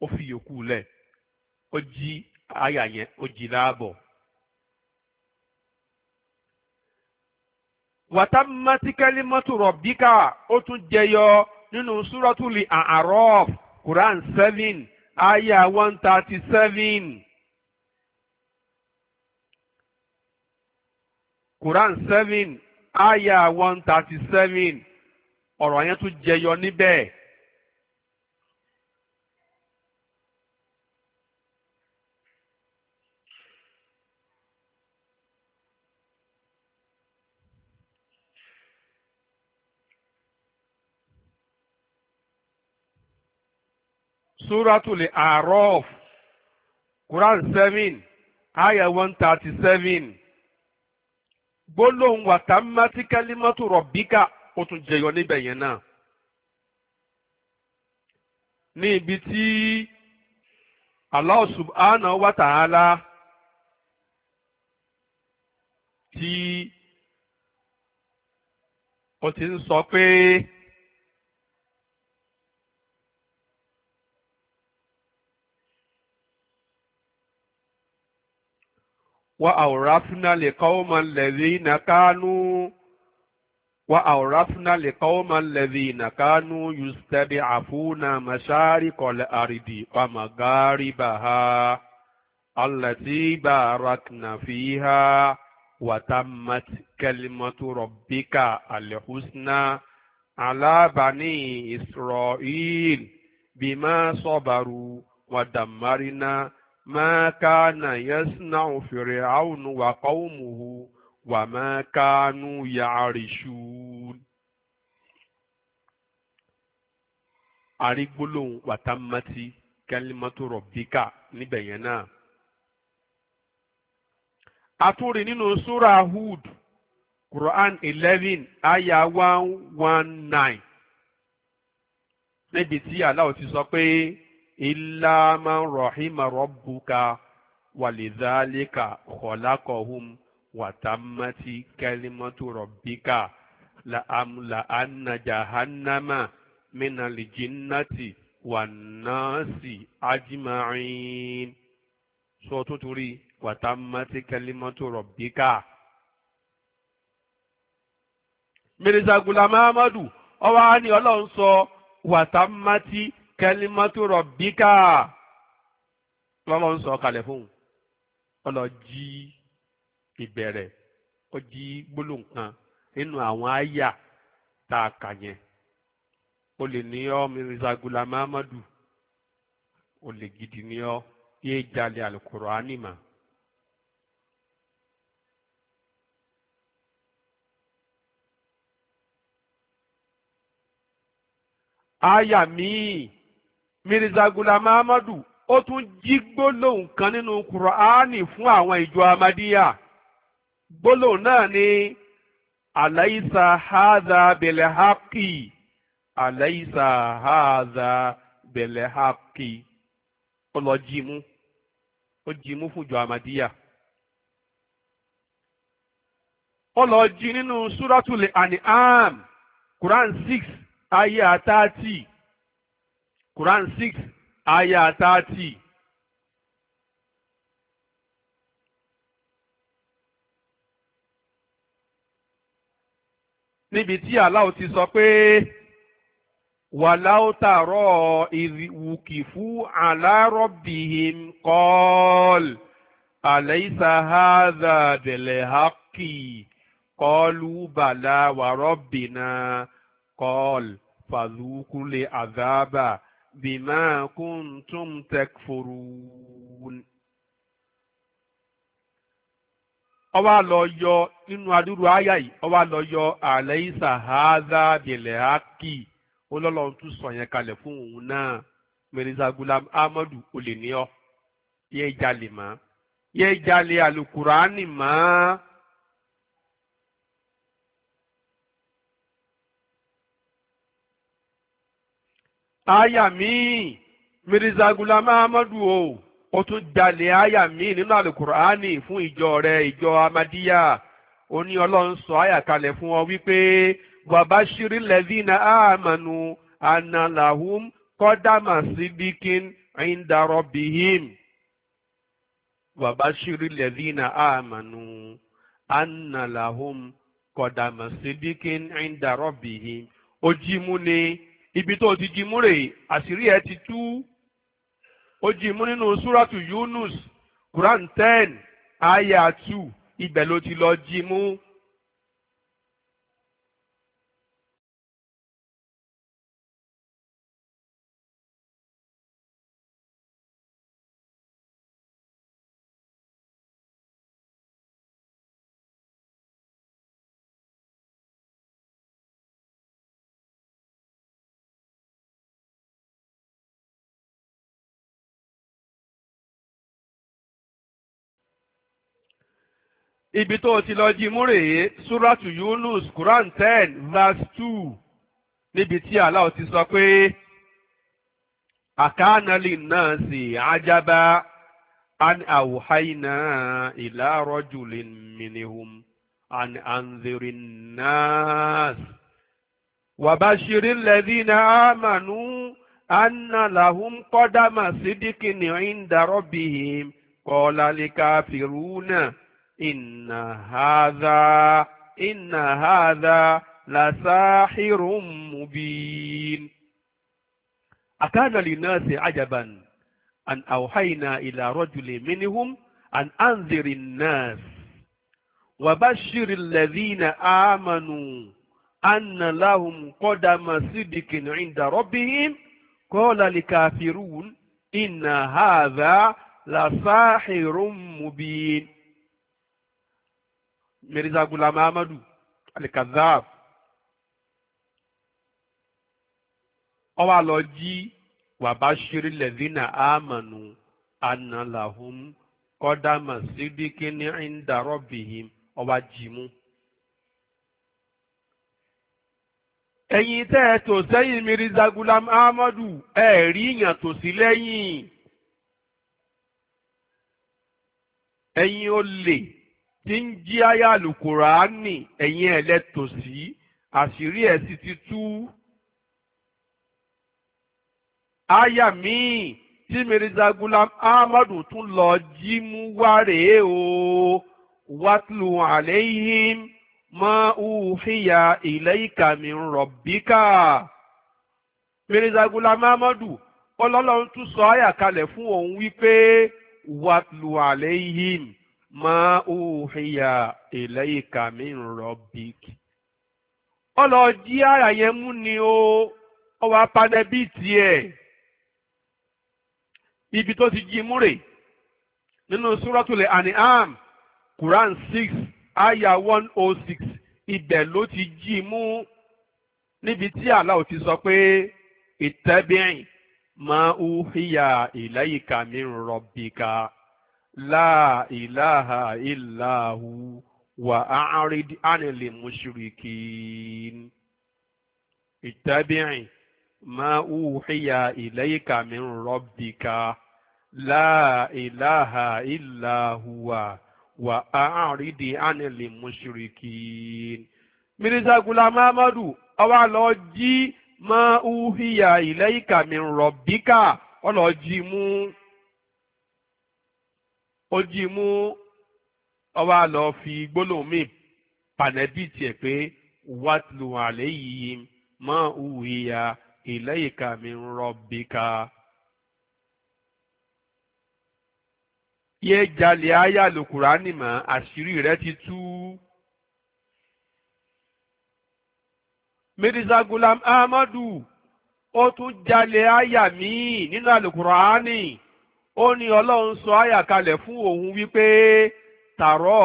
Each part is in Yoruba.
ó fi yòókù lẹ̀ ó jí àyà yẹn ó jí láàbọ̀. wàtámátí kalimatu rabbika ó tún jẹyọ nínú súrọ́tùlì àárọ̀f Quran seven ayah one thirty seven. Quran seven ayah one thirty seven ọ̀rọ̀ yẹn tún jẹyọ níbẹ̀. suratul araf quran seven aya one thirty seven gbólóhùn wàtámátí kálímátù rọ̀bíkà ó tún jẹyọ níbẹ̀ yẹn náà ní ibi tí Allah subhanahu wa ta'ala tí ó ti ń sọ pé. وأورثنا لقوم الذين كانوا وأورثنا لقوم الذين كانوا يستبعفون مشارق الأرض ومغاربها التي باركنا فيها وتمت كلمة ربك الحسنى على بني إسرائيل بما صبروا ودمرنا ما كان يصنع فرعون وقومه وما كانوا يعرشون arígbólóhùn wàtámátì kálímátò rọ̀bíkà níbẹ̀ yẹn náà. àtúrì nínú súra Hud Quran eleven aya one one nine illa man rahima rabbuka walidhalika khalaqahum wa tammati kalimatu rabbika la amla anna jahannama min aljinnati wan nasi ajma'in so tuturi wa tammati kalimatu rabbika mirisa gulam ahmadu ọwọ́ á ní ọlọ́run sọ wàtámátì kẹlímọ́tò rọ̀bíkà lọ́lọ́ ń sọ kalẹ̀ fún un ọlọ́ jí ìbẹ̀rẹ̀ ó jí gbólóhùn kan nínú àwọn àyà tá a kà yẹn o lè ní ọ Mirza Ghulam o lè gidi ní ọ yéé jalè Al-Qur'ani mà. àyà mirza gulam ó tún jí gbólóhùn kan nínú kùránì fún àwọn ìjọ amadíyà gbólóhùn náà ni aláìsà haza belehaki aláìsà haza belehaki ó lọ jí mú ó jí fún ìjọ amadíyà ó lọ jí nínú quran six ayé àtàtì. Quran six aya thirty. níbi tí Allah ti sọ pé wàláwó tààrọ ìwùkì fún alárọ̀bìhìm kọ́ọ̀l àlẹ́sà hádà bẹ̀lẹ̀ hákì kọ́ọ̀lù bàlá wàrọ̀bìnà kọ́ọ̀l fàzùkúlẹ̀ àzábà bima كنتم تكفرون ó lọ yọ nínú adúrú àyà yìí ó lọ yọ àlẹ́yìísà háàdá bìlẹ̀ olólùwọ́n tún sọ yẹn kalẹ̀ fún òun náà mẹ́rìnsà gulam amadu olè ní ọ yẹ jalè yẹ jalè alukurani ma àyà míì mirza gulam ahmadu o ó tún jalè àyà míì nínú alukur'ani fún ìjọ rẹ ìjọ amadiya ó ní ọlọ́run sọ àyà kalẹ̀ fún ọ wípé wàbáṣírí lẹ́dínà àmànù ànàlàhùn kọ́dàmà sídìkín ìndàrọ̀bìhìm wàbáṣírí lẹ́dínà àmànù ànàlàhùn kọ́dàmà sídìkín ìndàrọ̀bìhìm ojímú ni ibi tó ti jí mú rèé àṣírí ẹ ti tú ó jí mú nínú súràtù Yunus Quran ten aya two ibẹ̀ ló ti lọ jí mú ibi tó ti lọ jí mú rèé suratu Yunus Quran ten verse two níbi tí Allah ti sọ pé àkánálì náà sì ájábá an awhayna ila rajulin minhum an anzirin nas wa bashiril amanu anna lahum qadama sidikin inda rabbihim qala likafiruna. إن هذا إن هذا لساحر مبين أكان للناس عجبا أن أوحينا إلى رجل منهم أن أنذر الناس وبشر الذين آمنوا أن لهم قدم صدق عند ربهم قال لكافرون إن هذا لساحر مبين mirza gulam ahmadu alikazab ó wá lọ jí wàbáṣírí lẹ́dínà àmànù ànàlàhùn kọ́dàmà sídìkì ní ìdárọ́bìhìm ó wá jí mú. ẹ̀yin tẹ́ ẹ tò sẹ́yìn mirza gulam ahmadu ẹ̀ rí ìyàn tò sí lẹ́yìn tí ń jí àyà àlùkùránì ẹ̀yìn ẹ̀lẹ́tòsí àṣírí ẹ̀ sì ti tú. àyà míì tí mirza gulam ahmadu tún lọ jí mú wá rèé o wàtlù àléhìn mọ òhìyà ilayka min rabbika. mirza gulam ahmadu ọlọ́lọ́run tún sọ àyà kalẹ̀ fún òun wípé wàtlù àléhìn. ma uhiya ilayka min rabbik ọlọ di ara yẹn mú ni ó ó wàá panẹ bíi tiẹ̀ ibi tó ti jí múre nínú suratul an'am quran six aya one oh six ibẹ ló ti jí mú níbi tí Allah ti sọ pé ittabi' ma uhiya ilayka min rabbika. la ilaha illahu wa a'rid anil mushrikin ittabi' ma uhiya ilayka min rabbika la ilaha illa huwa wa a'rid anil mushrikin mínísà Ghulam Ahmadu ọba lọ jí ma uhiya ilayka min rabbika ọlọ jí mú ó jí mú ọwọ́ àlọ́ fi gbólóhùn mi pànẹ́bí tiẹ̀ pé wàtlu alayhim ma uhiya ilayka min rabbika. yé jalè áyà lùkùránì mọ́ àṣírí rẹ ti tú. mirza gulam ahmadu ó tún jalè áyà míì nínú àlùkùránì. ó ní ọlọ́run sọ àyà fún òun wípé tààrọ̀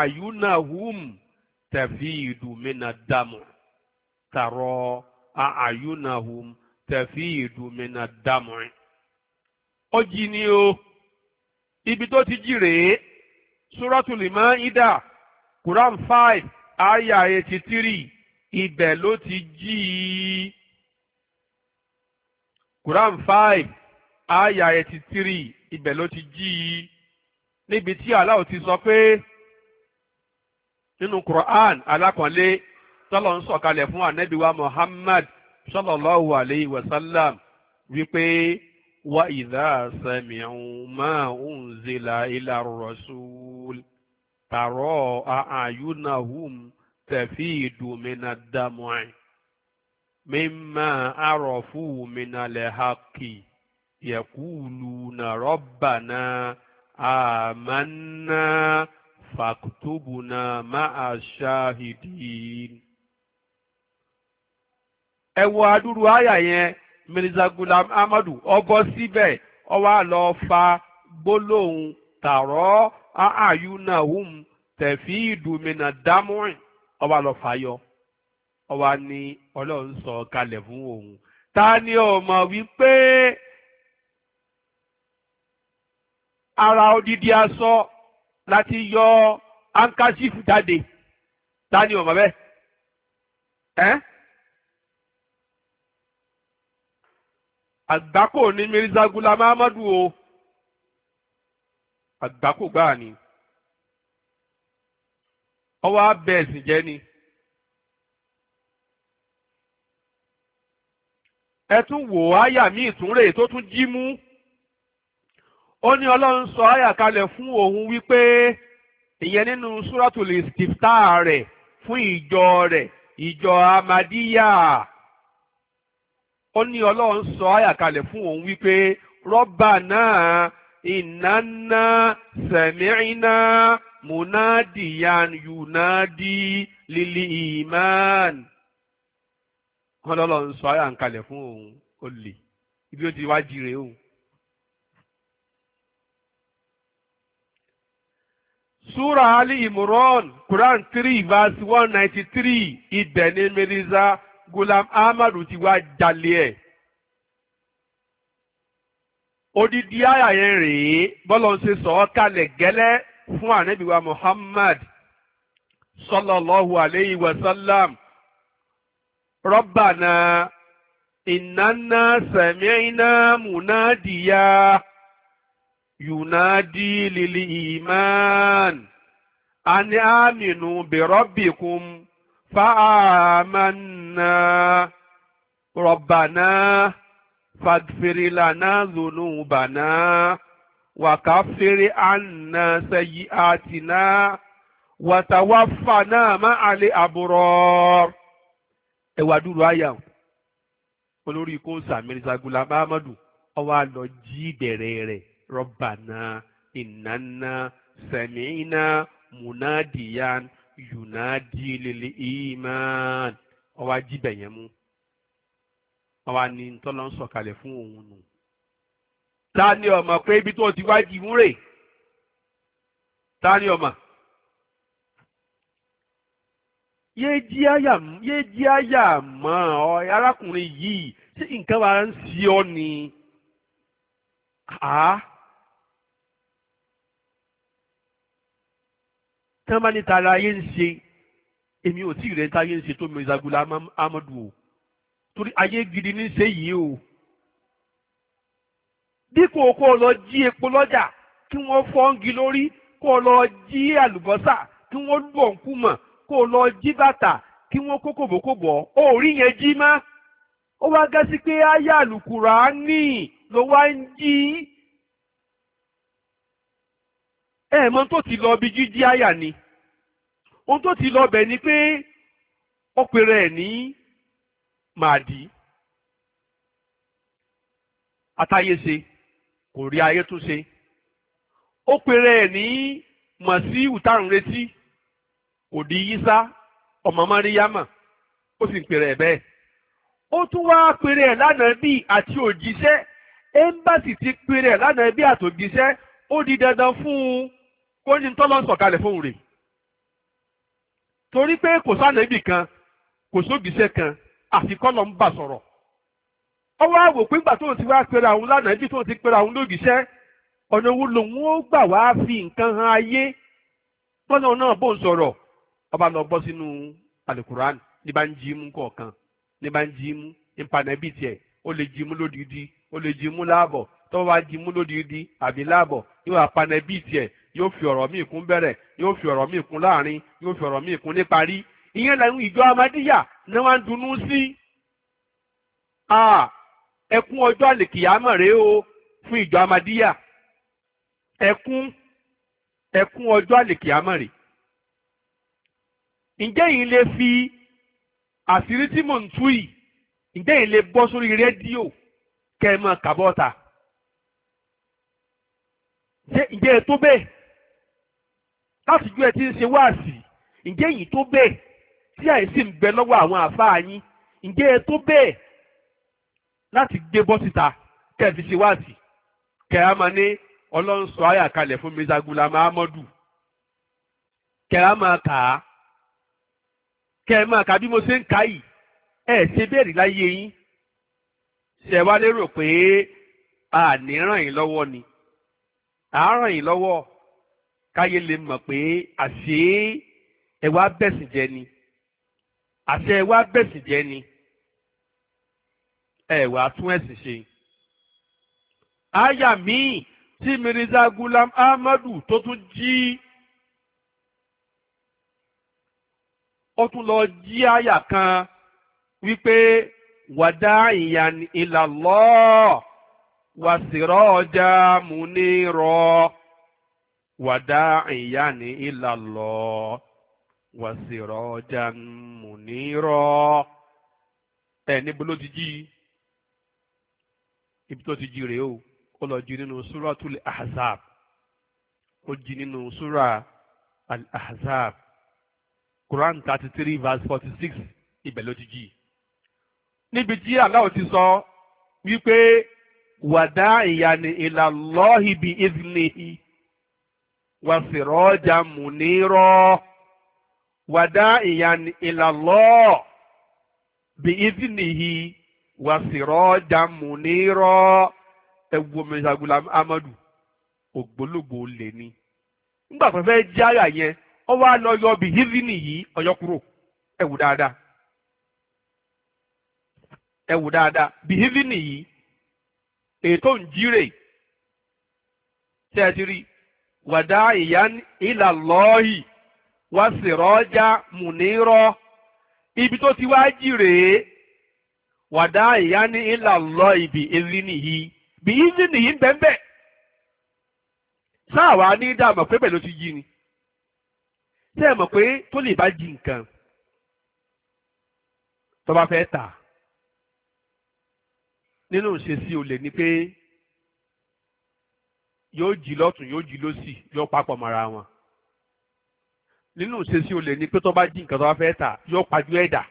àyúnàhùm tẹ̀fí ìdùmínà dàmù tààrọ̀ àyúnàhùm tẹ̀fí ìdùmínà dàmù. ó jí ni o ibi tó ti jí rèé suratul ida Quran five aya eighty three ibẹ̀ ló ti jí i Quran five. àyà eighty three ibẹ̀ ló ti jí i níbi tí Allah ti sọ pé nínú Quran alákànlé tọ́lọ̀ ń sọ̀kalẹ̀ fún ànábìwá Muhammad sallallahu alayhi wa sallam wípé wa idha sami'u ma unzila ila rasul tàrọ a'yunahum tafidu mina dam'i mimma arafu mina lehaki. yekulu na roba na-amanụ na-afakpo na ma-ashọ ahididi ii. ewu aduru aya yi n'ezigbo amadu ọgọsibee ọ bụla a lọọ fa bọlọm tarọọ aịanụm tefidumina damwiri ọ bụla ọ fa yọ ọ wani ọlọ nsọ kàlè fún ọhụ taa n'ọmọ wípé. ara odidi aṣọ láti yọ ankachifu jáde tani ọmọ bẹ́ẹ̀ ẹ́ àgbákò ní Mirza Ghulam Ahmadu o àgbákò gbáà ni ọwọ́ abẹ́ ẹ̀sìn jẹ́ ni. ẹ tún wò áyà míì tún rèé tó tún jí mú. ó ní ọlọ́run sọ àyà fún òun wípé ìyẹn nínú súrọ́tùlù ìsìtìftà rẹ̀ fún ìjọ rẹ̀ ìjọ amadíyà ó ní ọlọ́run sọ àyà fún òun wípé rọ́bà náà ìnáná sẹ̀mìínà munadiyan yunadi lili iman ọlọ́run sọ àyà kalẹ̀ fún òun ó lè ibi ó ti wá jire òun. Sura Ali Imran, Quran three verse one ninety three, ibẹ̀ ni Mirza Gulam Ahmadu ti wá jalè ẹ̀. Odidi àyà yẹn rèé bọ́lọ̀ ń ṣe sọ ọ́ kalẹ̀ gẹ́lẹ́ fún ànábìwá Muhammad sallallahu alayhi wa sallam. na innanna sami'na munadiya. ينادي للإيمان أن آمنوا بربكم فآمنا ربنا فاغفر لنا ذنوبنا وكفر عنا سيئاتنا وتوفنا مع الأبرار ẹ wá dúró àyà olórí kóńsà Mirza Ghulam Ahmadu ó wá lọ jí ìdẹ̀rẹ̀ rẹ̀. ربنا إننا سمعنا مناديا ينادي للإيمان ọwọ́ ajíbẹ̀ yẹn mú ọwọ́ ni ntọ́lọ́ ń fún nù. ta ni pé di múrè àyà ọ arákùnrin yìí tí nǹkan wa ń ọ ni. tán bá ní tara ayé ń ṣe èmi ò tí ì rẹ̀ ń táyé ń ṣe tó Mirza Ghulam Amadu o torí ayé gidi ní ṣe yìí o dípò kó o lọ jí epo lọ́jà kí wọ́n fọ́ngi lórí kó o lọ jí àlùbọ́sà kí wọ́n lù ọ̀nkú mọ̀ kó o lọ jí bàtà kí wọ́n kó kòbókòbó ó rí yẹn jí má ó wá gá sí pé áyà àlùkùrá ní ló wá ń jí. ẹ tó ti lọ bí jíjí àyà ni ohun tó ti lọ bẹ̀ ni pé ọpẹrẹ ẹ̀ ní màdí àtayése kò rí ayé tún ṣe ọpẹrẹ ẹ̀ ní màsíù táwọn retí kò di yísá ọmọ mariama ó sì ń pèrè ẹ̀ bẹ́ẹ̀ ó tún wá pèrè ẹ̀ lánàá bí àti òjíṣẹ́ ẹ̀ńbàsì ti pèrè ẹ̀ lánàá bí àtòjíṣẹ́ ó di dandan fún un kó ní tọ́lọ́ sọ̀kalẹ̀ fóun rè torí pé kò sánẹ́bì kan kò sóbìṣẹ́ kan àfi kọ́lọ̀ ń bà sọ̀rọ̀ ó wò pé tóun ti wá pera àwọn lánàá ibi tóun ti pera òun lóbìṣẹ́ ọ̀nà wo lòun ó gbà wá fi nǹkan han ayé tọ́lọ́ náà bò ń sọ̀rọ̀ ọba lọ bọ́ sínú ní bá ń jí ní bá ń tó wá di mú lódìdí àbí láàbọ̀ yóò apanẹ bíi tiẹ̀ yóò fi ọ̀rọ̀ míì kún bẹ̀rẹ̀ yóò fi ọ̀rọ̀ míì kún láàrin yóò fi ọ̀rọ̀ míì kún níparí ìyẹn làwọn ìjọ amadíyà ni wọ́n ń dunnú sí. ẹkún ọjọ́ àlèkìyàmọ̀ rèé o fún ìjọ amadíyà ẹkún ẹkún ọjọ́ àlèkìyàmọ̀ rèé. ǹjẹ́ yìí lè fi àṣírí tí mò ń tú yìí ǹjẹ́ yìí lè bọ́ sórí rédíò kẹ́ ẹ mọ̀ kàbọ́ta ǹjẹ́ ẹ tó bẹ́ẹ̀ láti ju ẹ ti ń ṣe wáàsì ǹjẹ́ èyí tó bẹ́ẹ̀ tí àìsí ń bẹ lọ́wọ́ àwọn àfáà yín ǹjẹ́ ẹ tó bẹ́ẹ̀ láti gbé bọ́ síta kẹ́ ẹ fi ṣe wáàsì kẹ́ ẹ máa ní ọlọ́run sọ àyà kalẹ̀ fún Mirza Ghulam kẹ́ ẹ máa kà á kẹ́ ẹ máa kà bí mo ṣe ń kà yìí ẹ ṣe bẹ́ẹ̀ rí láyé yín ṣẹ̀ wá lérò pé àní yín lọ́wọ́ ni àárọ̀ yìí lọ́wọ́ káyé lè mọ̀ pé àṣé ẹwà bẹ̀sìn jẹ ni àṣé ẹwà bẹ̀sìn jẹ ni ẹwà tún ẹ̀sìn ṣe. àyà míì tí Mirza Gulam Ahmadu tó tún jí ó tún lọ jí àyà kan wípé wàdá ìyàn ìlàlọ́ọ̀. وسراجا منيرا وداعيا إلى الله وسراجا منيرا ẹ níbo ló ti jí ibi tó ti jí rèé o ó lọ jí nínú suratul ahzab ó jí nínú sura ahzab quran thirty three verse forty six ibẹ̀ ló ti jí níbi tí Allah ti sọ wípé. wàdá ìyàní ìlàlọ́hì bí ìdílé wàsírọ́jà mùnírọ́ wàdá ìyàní ìlàlọ́ bí ìdílé wàsírọ́jà amadu ogbologbo leni ní. nígbà tó fẹ́ jẹ́ àyà lọ yọ bí ìdílé yìí ètò ń jírè tẹ́tìrì wàdá ìyán ìlà lọ́ọ̀hì wá sì rọ́jà mùnírọ́ ibi tó ti wá jírè wàdá ìyán ìlà lọ́ọ̀hì bí ezi nìyí bí ezi nìyí ń bẹ́ẹ̀ bẹ́ẹ̀ sáà ní dààmú pé bẹ́ẹ̀ ló ti yí ni tẹ́ ẹ mọ̀ pé tó lè bá jí nǹkan tó bá fẹ́ tà nínú ìṣesí olè ni pé yóò jí lọ́tún yóò jí lọ́sì yóò papọ̀ mọ́ra wọn nínú ìṣesí olè ni pé tó bá jí nǹkan tó bá fẹ́ tà yóò pajú ẹ̀dà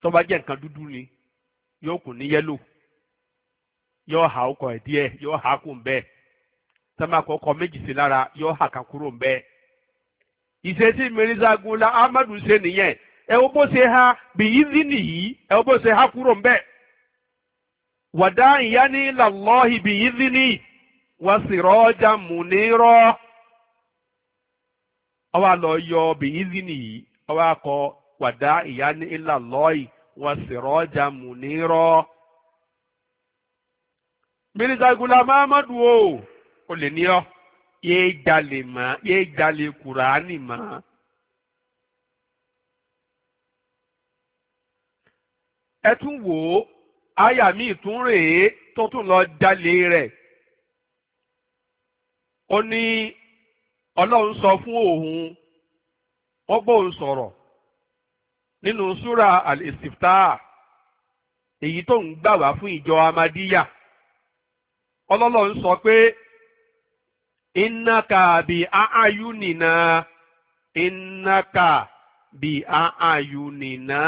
tó bá jẹ́ nǹkan ni yóò kùn ní yẹ́lò yóò hà ọkọ̀ ẹ̀ díẹ̀ yóò hà kù ń bẹ́ẹ̀ tẹ́mọ̀kọ́ ọkọ̀ méjì sí lára yóò hà kà kúrò ń bẹ́ẹ̀. Ahmadu ṣe nìyẹn ẹ wo bó ṣe ha bìyí nìyí ha kúrò ń وداعيا إلى الله بإذنه وسراجا منيرا ọwọ́ lọ yọ bìyìzìnì yìí ọwọ́ akọ wàdá ìyá ní ilà lọ́ọ̀ì wọn sì rọ́ọ̀jà mù ní rọ́. mínísítà gula mahamadu o ò lè ní ọ yéé jalè mọ́ yéé jalè kùránì mọ́. ẹ tún wò ó aya mi ìtún rèé tó tún lọ jalè rẹ̀ ó ní ọlọ́run sọ fún ohun wọ́n gbóhùn sọ̀rọ̀ nínú Sura al-istifta èyí tó ń gbà wá fún ìjọ amadiya ọlọ́lọ́run sọ pé innaka bi a'ayunina innaka bi a'ayunina.